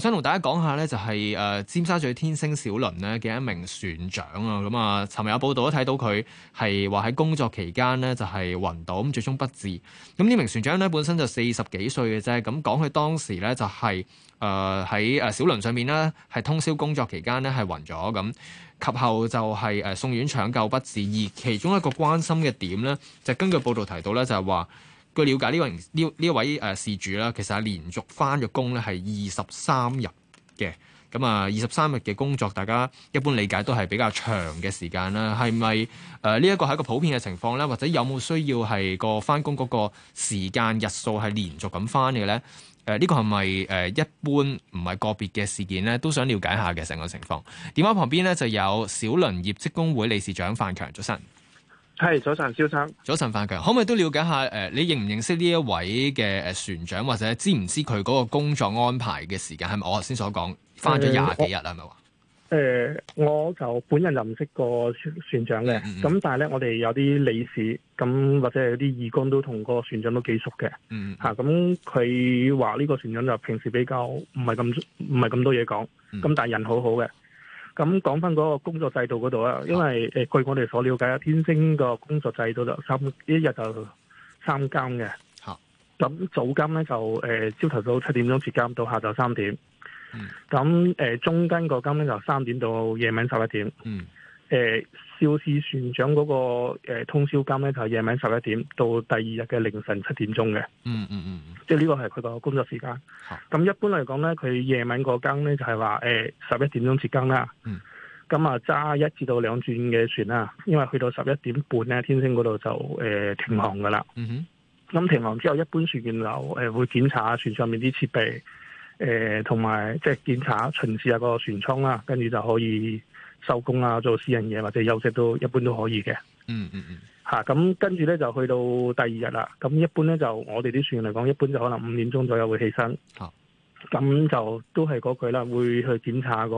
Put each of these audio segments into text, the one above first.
想同大家講下呢就係誒，尖沙咀天星小輪呢嘅一名船長啊，咁啊，尋日有報道都睇到佢係話喺工作期間呢就係暈倒，咁最終不治。咁呢名船長呢本身就四十幾歲嘅啫，咁講佢當時呢就係誒喺誒小輪上面呢係通宵工作期間呢係暈咗，咁及後就係誒送院搶救不治。而其中一個關心嘅點呢，就根據報道提到呢，就係話。據了解，呢位呢呢位誒事、呃、主啦，其實係、啊、連續返咗工咧，係二十三日嘅。咁啊，二十三日嘅工作，大家一般理解都係比較長嘅時間啦。係咪誒呢一個係一個普遍嘅情況咧？或者有冇需要係個返工嗰個時間日數係連續咁返嘅咧？誒、呃、呢、這個係咪誒一般唔係個別嘅事件咧？都想了解下嘅成個情況。電話旁邊咧就有小輪業職工會理事長范強咗身。係，早晨，肖生。早晨，范強，可唔可以都了解下？誒、呃，你認唔認識呢一位嘅誒船長，或者知唔知佢嗰個工作安排嘅時間？係咪我頭先所講，返咗廿幾日啦？係咪話？誒，我就本人就唔識個船船長嘅，咁、嗯嗯、但係咧，我哋有啲理事，咁或者有啲義工都同個船長都幾熟嘅。嗯，嗯。吓、啊，咁佢話呢個船長就平時比較唔係咁唔係咁多嘢講，咁、嗯、但係人好好嘅。咁講翻嗰個工作制度嗰度啦，因為誒、呃、據我哋所了解啊，天星個工作制度就三一日就三更嘅。好，咁 早更咧就誒朝頭早七點鐘接更到下晝三點。嗯。咁 誒、呃、中更個更咧就三點到夜晚十一點。嗯。誒。 呃肇事船長嗰個誒通宵更咧，就係夜晚十一點到第二日嘅凌晨七點鐘嘅、嗯。嗯嗯嗯，即係呢個係佢個工作時間。咁、啊、一般嚟講咧，佢夜晚嗰更咧就係話誒十一點鐘接更啦。嗯，咁啊揸一至到兩轉嘅船啦，因為去到十一點半咧，天星嗰度就誒、呃、停航噶啦。嗯哼，咁、嗯、停航之後，一般船員樓誒會檢查下船上面啲設備，誒同埋即係檢查巡視下個船艙啦，跟住就可以。收工啊，做私人嘢或者休息都一般都可以嘅、嗯。嗯嗯嗯，吓咁、啊、跟住咧就去到第二日啦。咁一般咧就我哋啲船員嚟講，一般就可能五點鐘左右會起身。咁、啊嗯、就都係嗰句啦，會去檢查個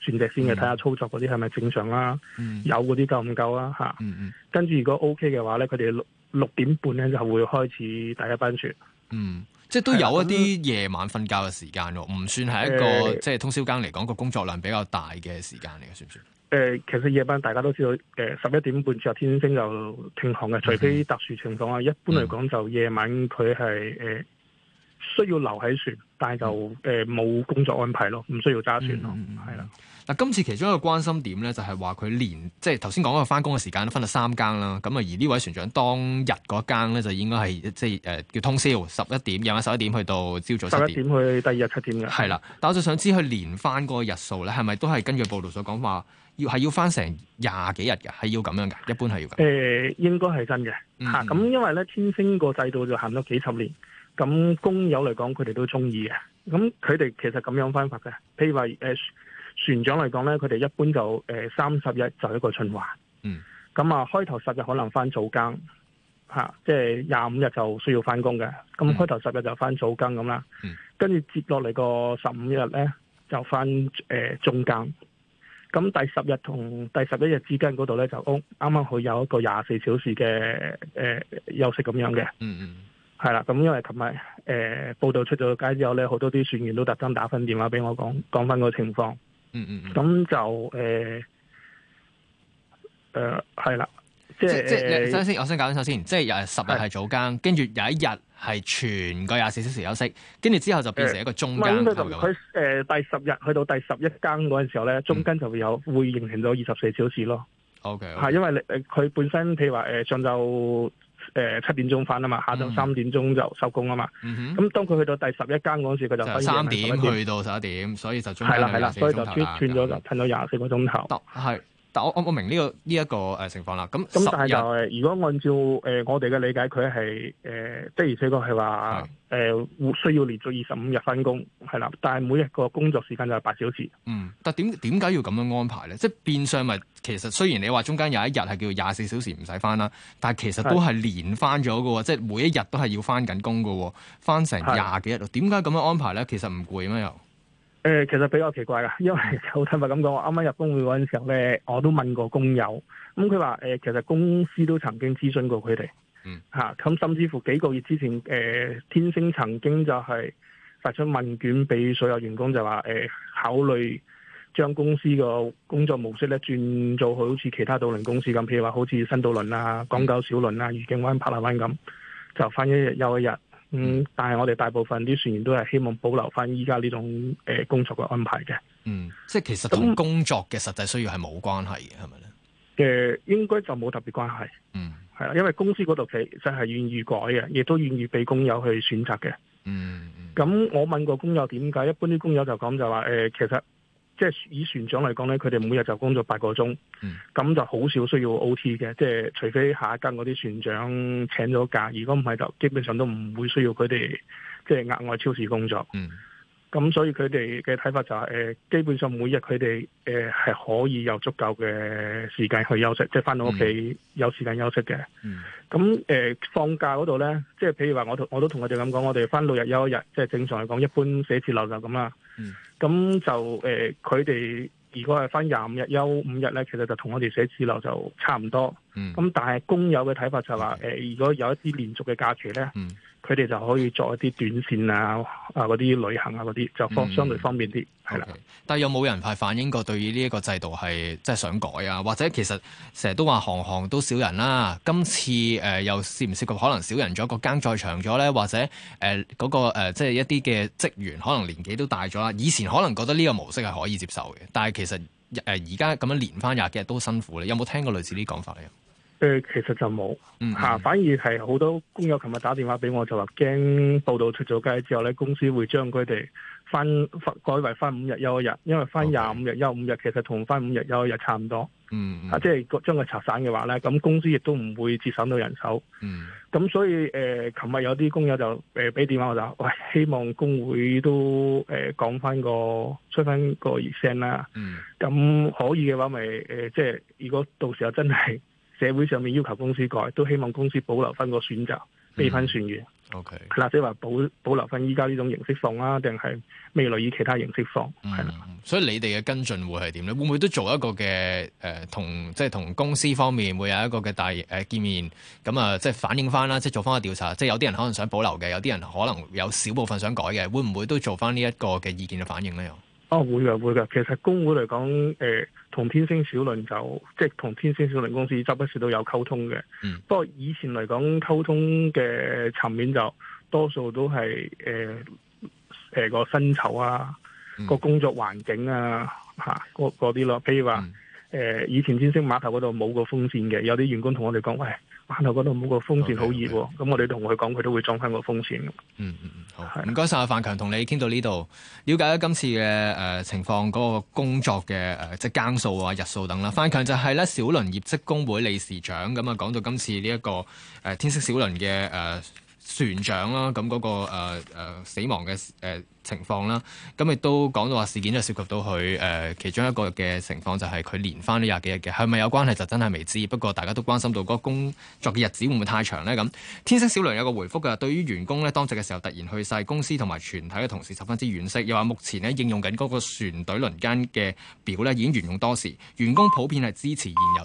船隻先嘅，睇下、嗯、操作嗰啲係咪正常啦。嗯、有嗰啲夠唔夠啦？吓、啊嗯，嗯嗯。跟住如果 OK 嘅話咧，佢哋六六點半咧就會開始第一班船。嗯，即係都有一啲夜晚瞓覺嘅時間咯，唔算係一個、呃、即係通宵更嚟講個工作量比較大嘅時間嚟嘅，算唔算？誒、呃，其實夜班大家都知道，誒十一點半之後天星就停航嘅，除非特殊情況啊。嗯、一般嚟講就夜晚佢係誒。呃需要留喺船，但係就誒冇工作安排咯，唔需要揸船咯，係啦。嗱，今次其中一個關心點咧，就係話佢連即係頭先講嘅翻工嘅時間都分咗三更啦。咁啊，而呢位船長當日嗰間咧就應該係即係誒、呃、叫通宵，十一點夜晚十一點去到朝早七點去第二日七點嘅。係啦，但我就想知佢連翻嗰個日數咧，係咪都係根據報道所講話，要係要翻成廿幾日嘅，係要咁樣嘅，一般係要誒、呃，應該係真嘅吓。咁、嗯啊、因為咧，天星個制度就行咗幾十年。咁工友嚟講，佢哋都中意嘅。咁佢哋其實咁樣翻法嘅，譬如話誒、呃、船長嚟講咧，佢哋一般就誒三十日就一個循環。嗯。咁啊，開頭十日可能翻早更，嚇、啊，即係廿五日就需要翻工嘅。咁、嗯、開頭十日就翻早更咁啦。跟住接落嚟個十五日咧，就翻誒、呃、中更。咁、嗯嗯、第十日同第十一日之間嗰度咧，就剛啱佢有一個廿四小時嘅誒、呃、休息咁樣嘅。嗯嗯。係啦，咁因為琴日誒報道出咗街之後咧，好多啲船員都特登打翻電話俾我講講翻個情況。嗯，嗯嗯。咁就誒誒，係啦。即係即係首先，我先搞清楚先。即又係十日係早更，跟住有一日係全個廿四小時休息，跟住之後就變成一個中間。問佢佢第十日去到第十一更嗰陣時候咧，中間就會有會形成到二十四小時咯。OK。係因為誒佢本身譬如話誒上晝。誒，七、呃、點鐘翻，啊嘛，下晝三點鐘就收工啊嘛。咁、嗯、哼當佢去到第十一間嗰陣時，佢就三點，點去到十一點，所以就中係啦，所以就轉轉咗就瞓咗廿四個鐘頭。得，係。我我我明呢個呢一個誒情況啦，咁咁但係就係、係、如果按照誒、呃、我哋嘅理解，佢係即的而且確係話誒，需要連續二十五日返工，係啦，但係每日個工作時間就係八小時。嗯，但點點解要咁樣安排咧？即係變相咪、就係、其實雖然你話中間有一日係叫廿四小時唔使返啦，但係其實都係連返咗嘅喎，係即係每一日都係要返緊工嘅喎，返成廿幾日咯。點解咁樣安排咧？其實唔攰咩又？誒，其實比較奇怪噶，因為就好坦白咁講，我啱啱入工會嗰陣時候咧，我都問過工友，咁佢話誒，其實公司都曾經諮詢過佢哋，嗯，吓，咁甚至乎幾個月之前，誒、呃，天星曾經就係發出問卷俾所有員工，就話誒、呃，考慮將公司個工作模式咧轉做好似其他渡輪公司咁，譬如話好似新渡輪啊、港九小輪啊、愉景灣、柏麗灣咁，就翻一日休一日。嗯，但係我哋大部分啲船員都係希望保留翻依家呢種誒、呃、工作嘅安排嘅。嗯，即係其實同工作嘅實際需要係冇關係嘅，係咪咧？誒、呃，應該就冇特別關係。嗯，係啦，因為公司嗰度其實係願意改嘅，亦都願意俾工友去選擇嘅、嗯。嗯嗯。咁我問過工友點解，一般啲工友就講就話誒、呃，其實。即係以船長嚟講咧，佢哋每日就工作八個鐘，咁、嗯、就好少需要 OT 嘅。即係除非下一更嗰啲船長請咗假，如果唔係就基本上都唔會需要佢哋即係額外超時工作。嗯咁、嗯、所以佢哋嘅睇法就係、是、誒、呃，基本上每日佢哋誒係可以有足夠嘅時間去休息，即係返到屋企有時間休息嘅。咁誒、嗯呃、放假嗰度咧，即係譬如話我同我都同佢哋咁講，我哋返六日休一日，即、就、係、是、正常嚟講，一般寫字樓就咁啦。咁、嗯、就誒，佢、呃、哋如果係返廿五日休五日咧，其實就同我哋寫字樓就差唔多。咁、嗯嗯、但係工友嘅睇法就話、是、誒、呃，如果有一啲連續嘅假期咧。嗯嗯佢哋就可以作一啲短線啊、啊嗰啲旅行啊嗰啲就方相對方便啲，係啦、嗯。的 Okay. 但係有冇人係反映過對於呢一個制度係即係想改啊？或者其實成日都話行行都少人啦、啊。今次誒、呃、又試唔試過可能少人咗，個更再長咗咧，或者誒嗰、呃那個即係、呃就是、一啲嘅職員可能年紀都大咗啦。以前可能覺得呢個模式係可以接受嘅，但係其實誒而家咁樣連翻廿幾日都辛苦咧。你有冇聽過類似呢啲講法咧？誒、呃，其實就冇吓、嗯啊，反而係好多工友，琴日打電話俾我就話驚報道出咗街之後咧，公司會將佢哋翻、翻改為翻五日休一日，因為翻廿五日休五日，其實同翻五日休一日差唔多嗯。嗯，啊，即係將佢拆散嘅話咧，咁公司亦都唔會節省到人手。嗯，咁所以誒，琴、呃、日有啲工友就誒俾、呃、電話我就話，喂、呃，希望工會都誒講翻個出翻個熱聲啦。嗯，咁可以嘅話，咪誒即係如果到時候真係。社會上面要求公司改，都希望公司保留翻個選擇，備份船員。O K 啦，Okay. 即係話保保留翻依家呢種形式放啊，定係未來以其他形式放？係啦、嗯，的所以你哋嘅跟進會係點咧？會唔會都做一個嘅誒，同、呃、即係同公司方面會有一個嘅大誒、呃、見面，咁啊、呃，即係反映翻啦，即係做翻個調查，即係有啲人可能想保留嘅，有啲人可能有少部分想改嘅，會唔會都做翻呢一個嘅意見嘅反應咧？哦，會㗎，會㗎，其實工會嚟講，誒、呃、同天星小輪就即係同天星小輪公司執不時都有溝通嘅。嗯、不過以前嚟講溝通嘅層面就多數都係誒誒個薪酬啊，個工作環境啊，嚇嗰啲咯。譬如話誒、嗯呃，以前天星碼頭嗰度冇個風扇嘅，有啲員工同我哋講，喂。班頭嗰度冇個風扇，好熱喎。咁我哋同佢講，佢都會裝翻個風扇。嗯嗯嗯，好，唔該晒，阿范強，同你傾到呢度，了解咗今次嘅誒、呃、情況，嗰、呃、個工作嘅誒、呃、即係更數啊、日數等啦。范強就係咧小輪業職工會理事長，咁啊講到今次呢、這、一個誒、呃、天星小輪嘅誒。呃船長啦，咁嗰、那個誒、呃呃、死亡嘅誒、呃、情況啦，咁亦都講到話事件都涉及到佢誒、呃、其中一個嘅情況就係佢連返呢廿幾日嘅，係咪有關係就真係未知。不過大家都關心到嗰個工作嘅日子會唔會太長呢？咁天星小輪有個回覆嘅，對於員工咧當值嘅時候突然去世，公司同埋全體嘅同事十分之惋惜，又話目前咧應用緊嗰個船隊輪間嘅表呢，已經沿用多時，員工普遍係支持現有。